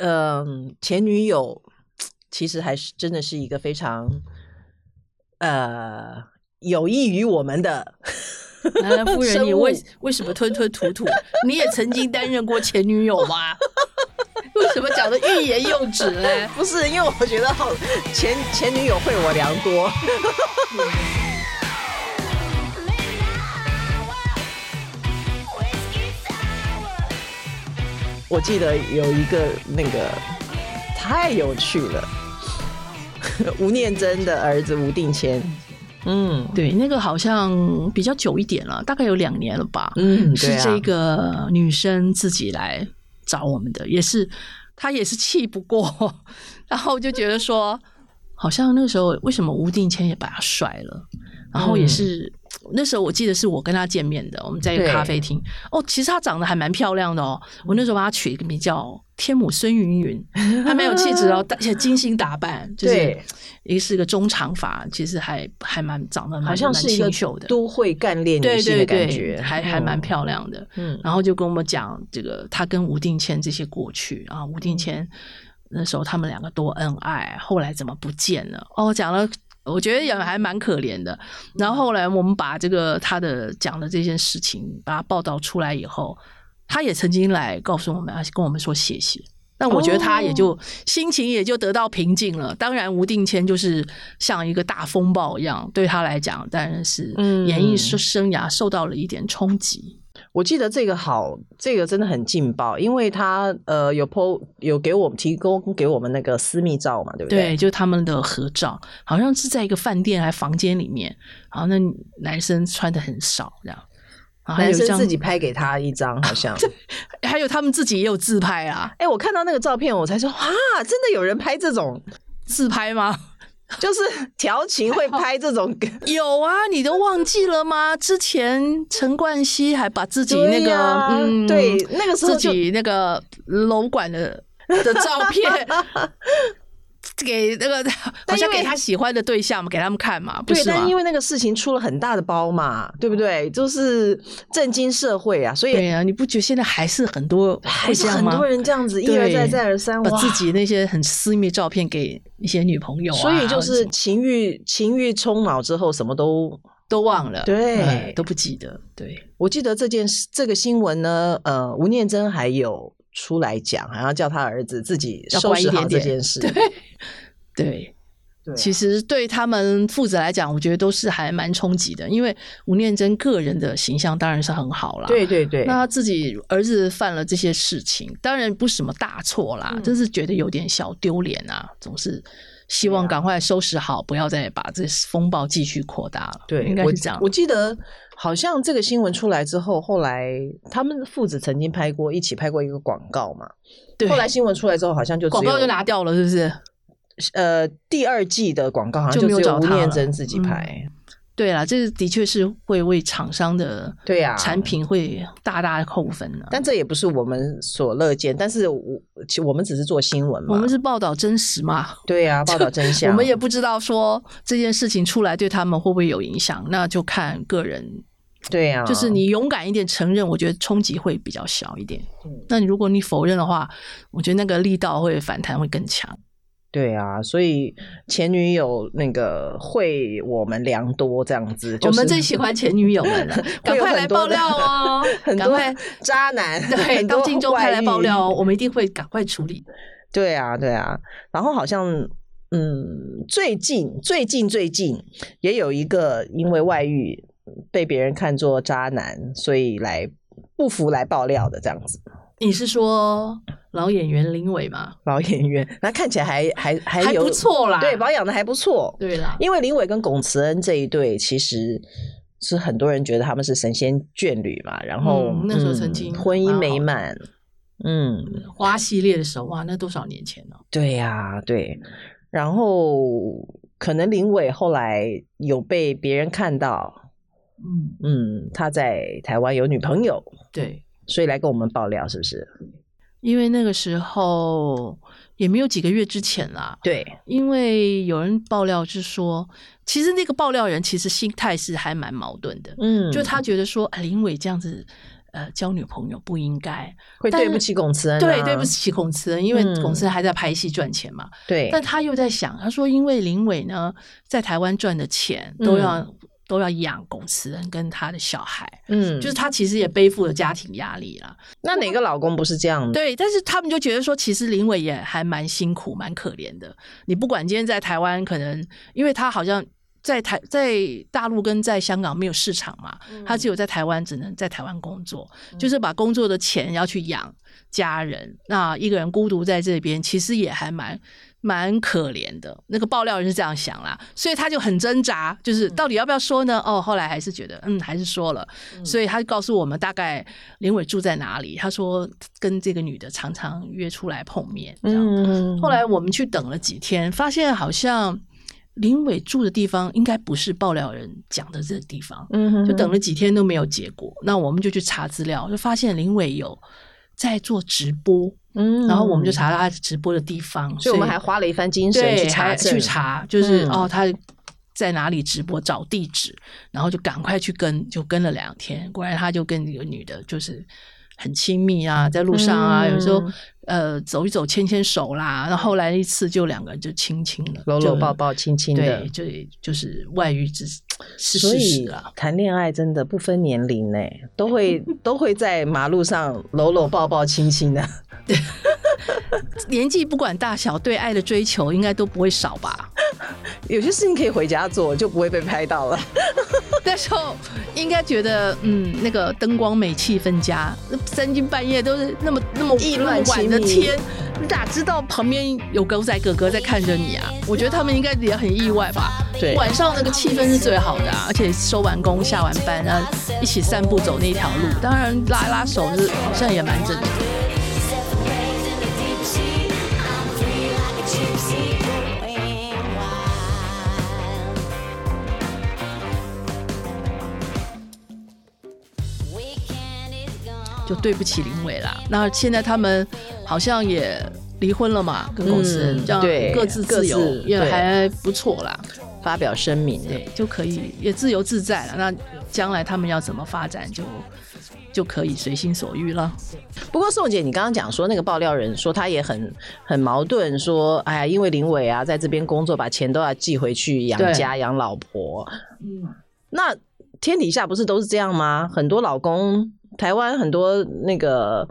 嗯，前女友其實還是真的是一個非常呃有益於我們的、啊。蘭蘭夫人你，你為 為什麼吞吞吐吐？ 你也曾經擔任過前女友嗎？ 為什麼講得欲言又止呢？ 不是，因為我覺得好前前女友惠我良多。 我記得有一個那個太有趣了，吳念真的兒子吳定謙，嗯，對，那個好像比較久一點了，大概有兩年了吧，嗯，是這個女生自己來找我們的，啊、也是她也是氣不過， 然後就覺得說，好像那個時候為什麼吳定謙也把她甩了，然後也是。嗯那時候我記得是我跟他見面的，我們在一個咖啡廳。對哦，其實她長得還蠻漂亮的哦。嗯、我那時候把她取一個名叫天母孫芸芸，還蠻有氣質哦，而且精心打扮，就是對也是一個中長髮，其實還還蠻長得蠻蠻蠻清秀的，好像是一個都會幹練女性的感覺，還還蠻漂亮的。嗯，然後就跟我們講這個，他跟吳定謙這些過去啊，吳定謙那時候他們兩個多恩愛，後來怎麼不見了？哦，講了。我覺得也還蠻可憐的。然後後來我們把這個他的講的這件事情，把它報道出來以後，他也曾經來告訴我們，跟我們說謝謝。但我覺得他也就、oh. 心情也就得到平靜了。當然吳定謙就是像一個大風暴一樣，對他來講，當然是演藝生生涯受到了一點衝擊。我記得這個好，這個真的很勁爆，因為他呃有 PO 有給我們提供給我們那個私密照嘛，對不對？對，就他們的合照，好像是在一個飯店還房間裡面，好，那男生穿的很少，這樣，好，還有男生自己拍給他一張，好像、啊，這，還有他們自己也有自拍啊。哎、欸，我看到那個照片我才說，哇，真的有人拍這種自拍嗎？就是調情會拍這種， 有啊，你都忘記了嗎？之前陳冠希還把自己那個，嗯，對啊，對，那個時候自己那個樓管的的照片。給那個，好像給他喜歡的對象嘛，給他們看嘛，對，但因為那個事情，出了很大的包嘛，哦、對不對？就是震驚社會啊，所以對啊，你不覺得現在還是很多，還是很多人這樣子一而再再而三，對哇把自己那些很私密照片給一些女朋友，啊，所以就是情慾、啊、情慾衝腦之後什麼都都忘了，對、嗯，都不記得。對我記得這件事這個新聞呢，呃，吳念真還有出來講，然後叫他兒子自己收拾好這件事，要乖一點點，對。對，對啊、其實對他們父子來講，我覺得都是還蠻衝擊的。因為吳念真個人的形象當然是很好啦，對對對。那他自己兒子犯了這些事情，當然不是什麼大錯啦，就、嗯、是覺得有點小丟臉啊，總是希望趕快收拾好，不要再把這風暴繼續擴大了。對，應該是這樣。我記得好像這個新聞出來之後，後來他們父子曾經拍過一起拍過一個廣告嘛。對。後來新聞出來之後，好像就廣告就拿掉了，是不是？呃，第二季的廣告好像就，只有就沒有吳念真自己拍。嗯、對啊，這的確是會為廠商的對呀產品會大大扣分呢、啊啊。但這也不是我們所樂見。但是，我我們只是做新聞嘛，我們是報道真實嘛。嗯、對呀、啊，報道真相。 我們也不知道說這件事情出來對他們會不會有影響，那就看個人。對呀、啊，就是你勇敢一點承認，我覺得衝擊會比較小一點。嗯，那你如果你否認的話，我覺得那個力道會反彈會更強。對啊，所以前女友那個會我們良多這樣子，嗯就是、我們最喜歡前女友們了，趕 快來爆料哦， 很多趕快渣男對，到鏡中派來爆料、哦、我們一定會趕快處理。對啊，對啊，然後好像嗯，最近最近最近也有一個因為外遇被別人看作渣男，所以來不服來爆料的這樣子。你是說老演員林偉嗎？老演員，那看起來還還還有還不錯啦，對，保養得還不錯，對啦。因為林偉跟龔慈恩這一對其實是很多人覺得他們是神仙眷侶嘛，然後、嗯嗯、那時候曾經婚姻美滿，然後嗯，花系列的時候哇，那多少年前呢？啊？對呀、啊，對。然後可能林偉後來有被別人看到，嗯嗯，他在台灣有女朋友，對。所以來跟我們爆料是不是？因為那個時候也沒有幾個月之前啦。對，因為有人爆料是說，其實那個爆料人其實心態是還蠻矛盾的。嗯，就他覺得說，林偉這樣子，呃，交女朋友不應該，會對不起龔慈恩、啊。對，對不起龔慈恩，因為龔慈恩還在拍戲賺錢嘛。嗯、對，但他又在想，他說，因為林偉呢，在台灣賺的錢都要。嗯都要養公司人跟他的小孩，嗯，就是他其實也背負了家庭壓力了，嗯。那哪個老公不是這樣的？對，但是他們就覺得說，其實林偉也還蠻辛苦，蠻可憐的。你不管今天在台灣，可能因為他好像在台在大陸跟在香港沒有市場嘛，嗯、他只有在台灣，只能在台灣工作，嗯、就是把工作的錢要去養家人。那一個人孤獨在這邊，其實也還蠻蠻可憐的，那個爆料人是這樣想啦，所以他就很掙扎，就是到底要不要說呢？嗯、哦，後來還是覺得，嗯，還是說了。嗯、所以他就告訴我們大概林偉住在哪裡。他說跟這個女的常常約出來碰面。嗯嗯嗯，後來我們去等了幾天，發現好像林偉住的地方應該不是爆料人講的這個地方。嗯，嗯，嗯，就等了幾天都沒有結果，那我們就去查資料，就發現林偉有。在做直播，嗯，然後我們就查到他直播的地方，所以我們還花了一番精神去查去查，嗯、就是哦，他在哪裡直播，找地址，嗯、然後就趕快去跟，就跟了兩天，果然他就跟一個女的，就是很親密啊，在路上啊，嗯、有時候呃走一走牽牽手啦，然後來一次就兩個人就親親了。摟摟抱抱親親，對，就就是外遇之。所以談戀愛真的不分年齡呢、欸，是是是啊、都會都會在馬路上摟摟抱抱、親親的。 年紀不管大小，對愛的追求應該都不會少吧。 有些事情可以回家做，就不會被拍到了。 那時候應該覺得，嗯，那個燈光美，氣氛佳，那三更半夜都是那麼那麼意亂情迷的天，你咋知道旁邊有狗仔哥哥在看着你啊？我覺得他們應該也很意外吧。對，晚上那個氣氛是最好的啊，而且收完工，下完班啊，一起散步走那條路，當然拉一拉手是，好像也蠻正常的。.就對不起林偉啦。那現在他們好像也離婚了嘛，跟公司這樣各自自由，各自也還不錯啦。對發表聲明，哎，就可以也自由自在了。那將來他們要怎麼發展就，就就可以隨心所欲了。不過宋姐，你剛剛講說那個爆料人說他也很很矛盾說，說哎呀，因為林偉啊在這邊工作，把錢都要寄回去養家養對老婆。嗯，那天底下不是都是這樣嗎？很多老公。台灣很多那個，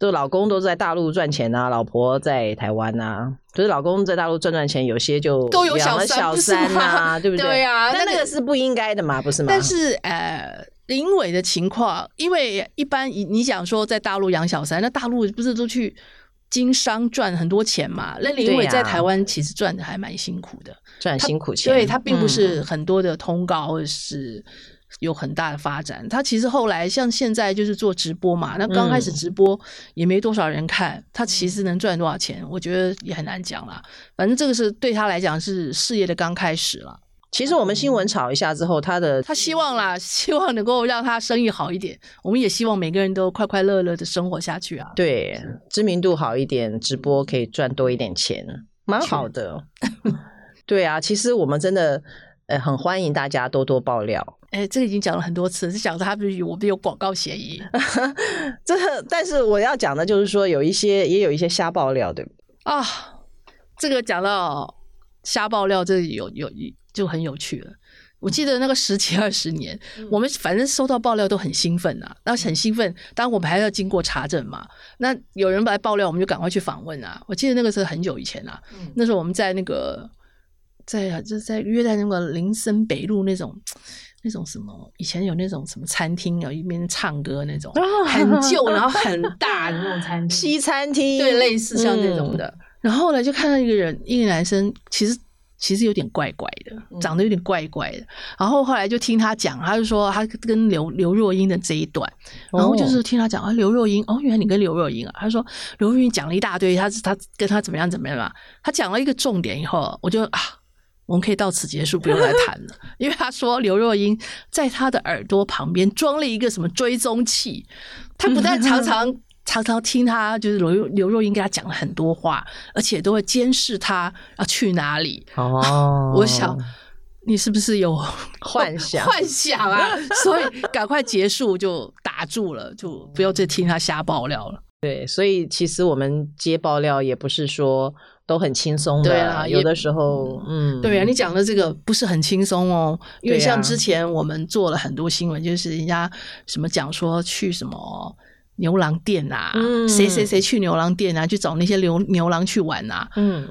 都老公都在大陸賺錢啊，老婆在台灣啊，就是老公在大陸賺賺錢，有些就了、啊、都有小三小三嘛，對不對？對呀，那那個是不應該的嘛，不是嗎？但是呃，林偉的情況，因為一般你講說在大陸養小三，那大陸不是都去經商賺很多錢嘛？那林偉在台灣其實賺的還蠻辛苦的，賺、啊、他辛苦錢，所以他並不是很多的通告、嗯、是。有很大的發展。他其實後來像現在就是做直播嘛，那剛開始直播也沒多少人看，嗯、他其實能賺多少錢，我覺得也很難講啦。反正這個是對他來講是事業的剛開始了。其實我們新聞炒一下之後，他的、嗯、他希望啦，希望能夠讓他生意好一點。我們也希望每個人都快快樂樂的生活下去啊。對，是知名度好一點，直播可以賺多一點錢，蠻好的。去 對啊，其實我們真的呃很歡迎大家多多爆料。哎，這個已經講了很多次，是講着他比我比有廣告協議，這 但是我要講的，就是說有一些也有一些瞎爆料，對不對？啊，這個講到瞎爆料，這有有就很有趣了。我記得那個十幾二十年，嗯、我們反正收到爆料都很興奮啊，那很興奮，當然我們還要經過查證嘛。那有人來爆料，我們就趕快去訪問啊。我記得那個是很久以前了、啊，那時候我們在那個在就在約在那個林森北路那種，那種什麼以前有那種什麼餐廳，有一邊唱歌那種，很舊然後很大的那種餐廳，西餐廳對，類似像那種的。然後後來就看到一個人，一個男生，其實其實有點怪怪的，長得有點怪怪的。然後後來就聽他講，他就說他跟劉劉若英的這一段。然後就是聽他講啊，劉若英哦，原來你跟劉若英啊。他說劉若英講了一大堆，他是他跟他怎麼樣怎麼樣嘛。他講了一個重點以後，我就啊。我們可以到此結束，不用再談了。 因為他說劉若英在他的耳朵旁邊裝了一個什麼追蹤器，他不但常常 常常聽他，就是劉劉若英跟他講了很多話，而且都會監視他要去哪裡。哦，oh. 我想你是不是有 幻想 幻想啊？所以趕快結束就打住了， 就不要再聽他瞎爆料了。對，所以其實我們接爆料也不是說。都很輕鬆啊。對啊。有的時候，也嗯，對啊，你講的這個不是很輕鬆哦，啊、因為像之前我們做了很多新聞，就是人家什麼講說去什麼牛郎店啊，誰誰誰去牛郎店啊，去找那些牛牛郎去玩啊，嗯。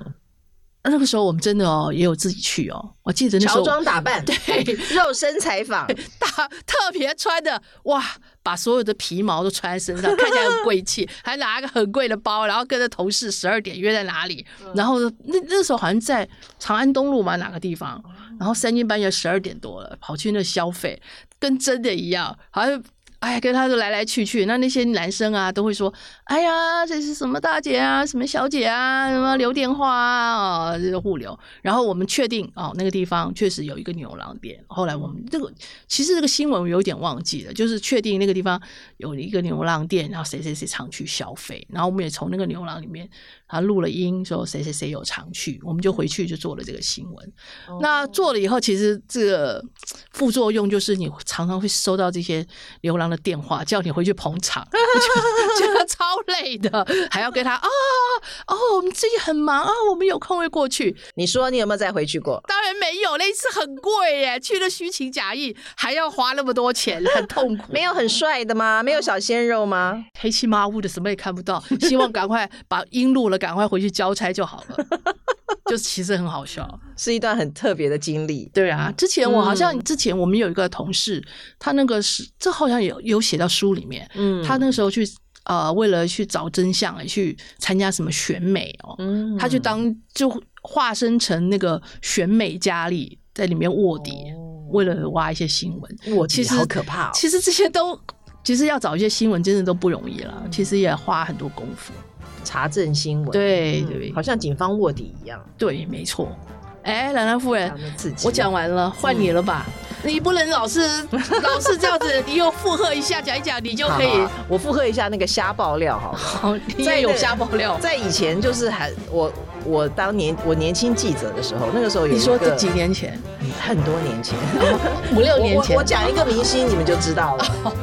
那個時候我們真的哦也有自己去哦，我記得那時候喬裝打扮，對 肉身採訪，大特別穿的哇，把所有的皮毛都穿在身上，看起來很貴氣， 還拿一個很貴的包，然後跟着同事十二點約在哪裡，然後那那時候好像在長安東路嘛哪個地方，然後三更半夜十二點多了跑去那消費，跟真的一樣，好像。哎呀，跟他就來來去去，那那些男生啊，都會說：“哎呀，這是什麼大姐啊，什麼小姐啊，什麼留電話啊，這、哦、就是、互留。”然後我們確定哦，那個地方確實有一個牛郎店。後來我們這個其實這個新聞我有點忘記了，就是確定那個地方有一個牛郎店，然後誰誰誰常去消費，然後我們也從那個牛郎裡面。他錄了音，說誰誰誰有常去，我們就回去就做了這個新聞。Oh. 那做了以後，其實這個副作用就是你常常會收到這些流浪的電話，叫你回去捧場， 覺得超累的，還要跟他啊哦、啊啊啊，我們自己很忙啊，我們有空會過去。你說你有沒有再回去過？當然沒有，那一次很貴耶，去了虛情假意，還要花那麼多錢，很痛苦。 沒有很帥的嗎？沒有小鮮肉嗎？黑漆麻烏的，什麼也看不到。希望趕快把音錄了。 趕快回去交差就好了， 就其實很好笑，是一段很特別的經歷。對啊，嗯、之前我好像之前我們有一個同事，他那個是這好像有有寫到書裡面。嗯，他那時候去呃，為了去找真相，去參加什麼選美哦、喔。嗯，他去當就化身成那個選美佳麗，在裡面臥底，哦、為了挖一些新聞。臥底其實好可怕、哦。其實這些都其實要找一些新聞，真的都不容易了。嗯、其實也花很多功夫。查證新聞，對對，好像警方臥底一樣，對，沒錯。哎，蘭蘭夫人，我講完了，換你了吧？你不能老是老是這樣子，你又附和一下講一講，你就可以。我附和一下那個瞎爆料哈。好，你也有瞎爆料。在以前就是還我我當年我年輕記者的時候，那個時候有你說這幾年前，很多年前，五六年前，我講一個明星，你們就知道了。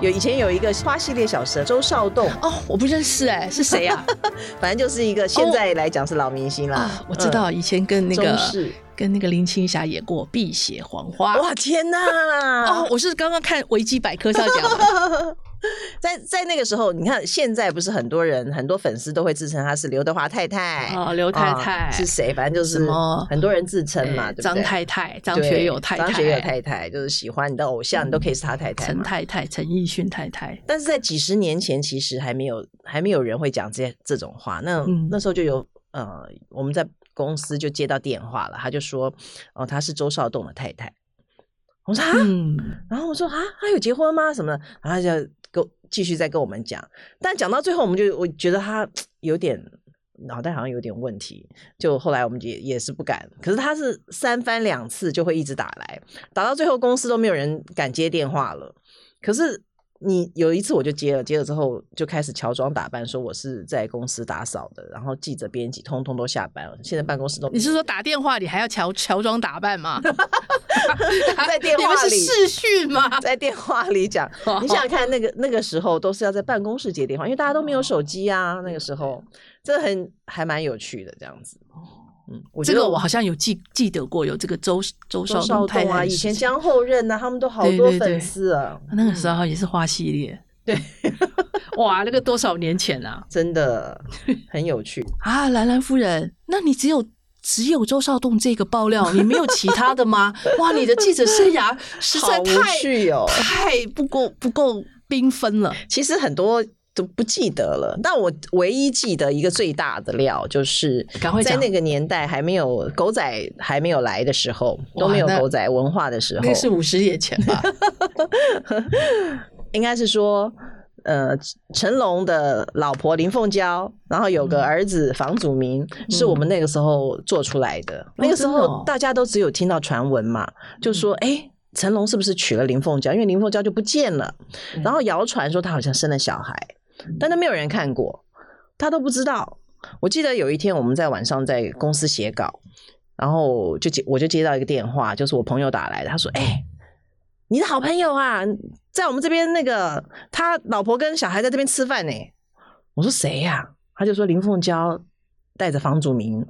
有以前有一個花系列小說周紹棟哦，我不認識哎、欸，是誰呀、啊？ 反正就是一個現在來講是老明星了、哦嗯啊。我知道以前跟那個式跟那個林青霞演過《碧血黃花》哇。哇天哪、啊！ 哦，我是剛剛看維基百科上講的。 在在那個時候，你看現在不是很多人很多粉絲都會自稱他是劉德華太太，哦，劉太太、嗯、是誰？反正就是很多人自稱嘛，什麼、對不對？欸、張太太，張學友太太，張學友太太，張學友太太，就是喜歡你的偶像，嗯、你都可以是他太太。陳太太，陳奕迅太太。但是在幾十年前，其實還沒有還沒有人會講這這種話。那、嗯、那時候就有、呃、我們在公司就接到電話了，他就說哦、呃，他是周少棟的太太。我說啊，嗯，然後我說啊，他有結婚嗎？什麼的？然後他就跟繼續再跟我們講，但講到最後，我們就我覺得他有點腦袋好像有點問題。就後來我們也也是不敢，可是他是三番兩次就會一直打來，打到最後公司都沒有人敢接電話了。可是。你有一次我就接了，接了之後就開始喬裝打扮，說我是在公司打掃的，然後記者、編輯通通都下班了，現在辦公室都……你是說打電話你還要喬喬裝打扮嗎？ 在電話裡視訊嗎？ 在電話裡講，你想想看，那個那個時候都是要在辦公室接電話，因為大家都沒有手機啊。那個時候，這很還蠻有趣的這樣子。嗯，我覺得這個我好像有記記得過，有這個周周少，周少東啊，太以前江後任啊，他們都好多粉絲啊。那個時候也是花系列，嗯、對， 哇，那個多少年前啊，真的很有趣 啊，蘭蘭夫人，那你只有只有周少東這個爆料，你沒有其他的嗎？ 哇，你的記者生涯實在太、哦、太不夠不夠繽紛了，其實很多。都不記得了，但我唯一記得一個最大的料，就是在那個年代還沒有狗仔還沒有來的時候，都沒有狗仔文化的時候，那，那是五十年前吧， 應該是說，呃，成龍的老婆林鳳嬌，然後有個兒子房祖名，嗯、是我們那個時候做出來的。嗯、那個時候大家都只有聽到傳聞嘛，哦哦、就說，哎、欸，成龍是不是娶了林鳳嬌？因為林鳳嬌就不見了，然後謠傳說他好像生了小孩。但他沒有人看過，他都不知道。我記得有一天我們在晚上在公司寫稿，然後就接我就接到一個電話，就是我朋友打來的，他說：“哎、欸，你的好朋友啊，在我們這邊那個他老婆跟小孩在這邊吃飯呢、欸。”我說：“誰呀、啊？”他就說：“林鳳嬌帶着房祖名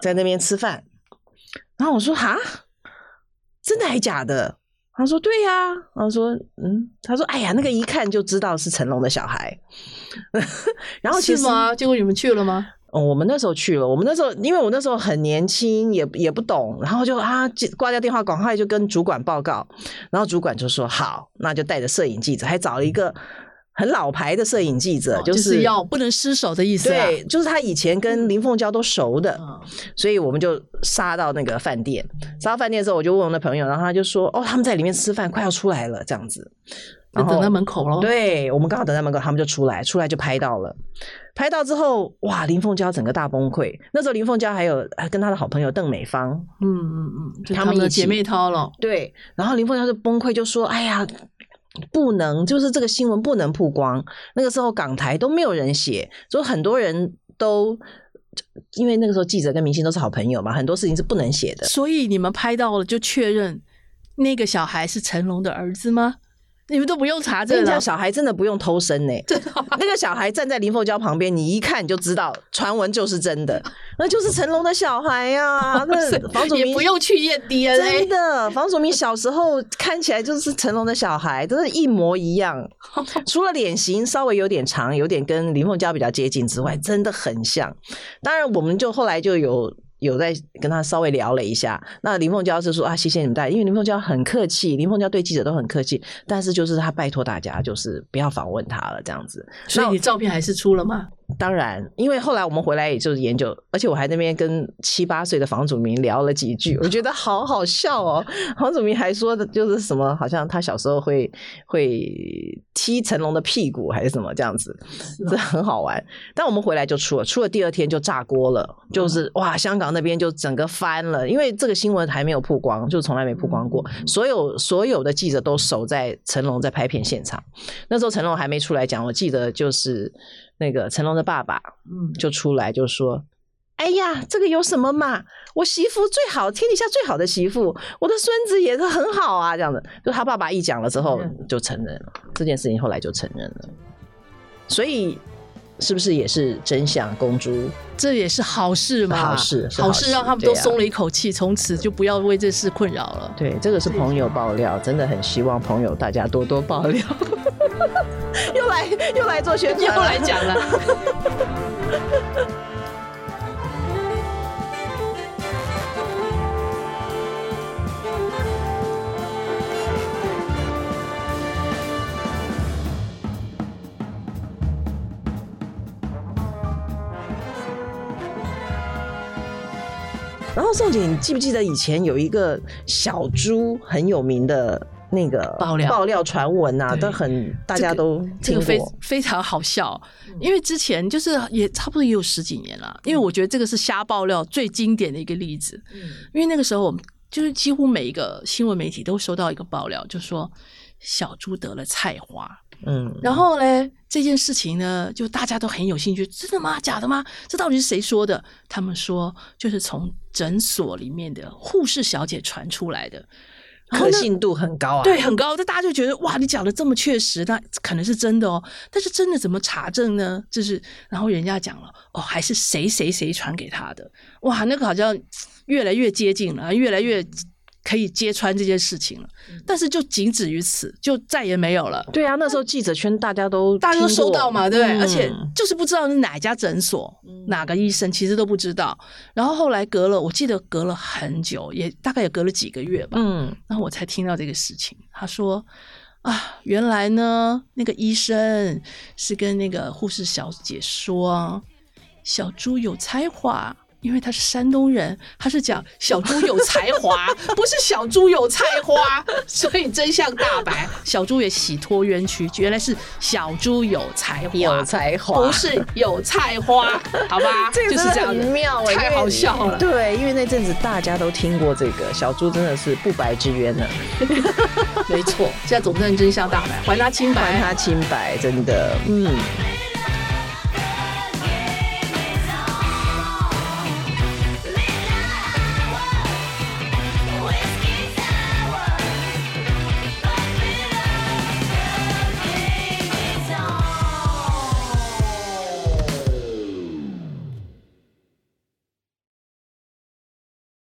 在那邊吃飯。”然後我說：“哈，真的還假的？”他說：“對呀、啊。”他說：“嗯。”他說：“哎呀，那個一看就知道是成龍的小孩。 ”然後，去嗎？結果你們去了嗎？嗯、哦，我們那時候去了。我們那時候，因為我那時候很年輕，也也不懂，然後就啊，掛掉電話，趕快就跟主管報告。然後主管就說：“好，那就帶着攝影記者，還找了一個。嗯”很老牌的攝影記者，就是哦，就是要不能失手的意思，啊。對，就是他以前跟林鳳嬌都熟的，嗯、所以我們就殺到那個飯店。殺到飯店的時候，我就問我的朋友，然後他就說：“哦，他們在裡面吃飯，快要出來了。”這樣子，然後在等到門口了。對，我們剛好等到門口，他們就出來，出來就拍到了。拍到之後，哇，林鳳嬌整個大崩潰。那時候林鳳嬌還有跟她的好朋友鄧美芳，嗯嗯嗯，他們，就他們的姐妹淘了。對，然後林鳳嬌就崩潰，就說：“哎呀。”不能，就是這個新聞不能曝光。那個時候港台都沒有人寫，所以很多人都因為那個時候記者跟明星都是好朋友嘛，很多事情是不能寫的。所以你們拍到了，就確認那個小孩是成龍的兒子嗎？你們都不用查證對了，小孩真的不用偷生呢、欸。對哦、那個小孩站在林鳳嬌旁邊，你一看你就知道，傳聞就是真的，那就是成龍的小孩呀、啊。Oh、房祖名不用去驗 DNA，真的，房祖名小時候看起來就是成龍的小孩，都是一模一樣，除了臉型稍微有點長，有點跟林鳳嬌比較接近之外，真的很像。當然，我們就後來就有。有在跟他稍微聊了一下，那林鳳嬌是說啊，謝謝你們帶，因為林鳳嬌很客氣，林鳳嬌對記者都很客氣，但是就是他拜託大家就是不要訪問他了這樣子，所以你照片還是出了嗎？當然，因為後來我們回來也就是研究，而且我還在那邊跟七八歲的房祖名聊了幾句，我覺得好好笑哦。 房祖名還說的就是什麼，好像他小時候會會踢成龍的屁股還是什麼這樣子，這嗎很好玩。但我們回來就出了，出了第二天就炸鍋了，就是哇，香港那邊就整個翻了，因為這個新聞還沒有曝光，就從來沒曝光過。所有所有的記者都守在成龍在拍片現場，那時候成龍還沒出來講，我記得就是。那個成龍的爸爸，嗯，就出來就說：“嗯、哎呀，這個有什麼嘛？我媳婦最好，天底下最好的媳婦，我的孫子也是很好啊。”這樣子，就他爸爸一講了之後，就承認了、嗯、這件事情。後來就承認了，所以是不是也是真相公諸？這也是好事嘛，好事、好事、好事讓他們都鬆了一口氣，從、啊、此就不要為這事困擾了。對，這個是朋友爆料，真的很希望朋友大家多多爆料。 又來又來做宣傳， 又來講了。 然後宋姐，你記不記得以前有一個小豬很有名的？那個爆料、爆料、傳聞啊，都很大家都、這個、這個非非常好笑，嗯、因為之前就是也差不多也有十幾年了，嗯、因為我覺得這個是瞎爆料最經典的一個例子。嗯，因為那個時候我們就是幾乎每一個新聞媒體都收到一個爆料，就說小豬得了菜花。嗯，然後呢，這件事情呢，就大家都很有興趣，真的嗎？假的嗎？這到底是誰說的？他們說就是從診所裡面的護士小姐傳出來的。可信度很高啊，啊，對，很高。就大家就覺得，哇，你講的這麼確實，那可能是真的哦。但是真的怎麼查證呢？就是，然後人家講了，哦，還是誰誰誰傳給他的，哇，那個好像越來越接近了，越來越。可以揭穿這件事情了，但是就僅止於此，就再也沒有了。對啊，那時候記者圈大家都大家都收到嘛，對不對？嗯。而且就是不知道是哪家診所，嗯，哪個醫生，其實都不知道。然後後來隔了，我記得隔了很久，也大概也隔了幾個月吧。嗯，然後我才聽到這個事情。他說啊，原來呢，那個醫生是跟那個護士小姐說，小豬有才華。因為他是山東人，他是講小豬有才華， 不是小豬有菜花， 所以真相大白，小豬也洗脫冤屈，原來是小豬有才華，有才華，不是有菜花， 好吧？就是這樣子，很妙欸，太好笑了。對，因為那陣子大家都聽過這個，小豬真的是不白之冤呢。 沒錯，現在總算真相大白，還他清白，還他清白，真的，嗯。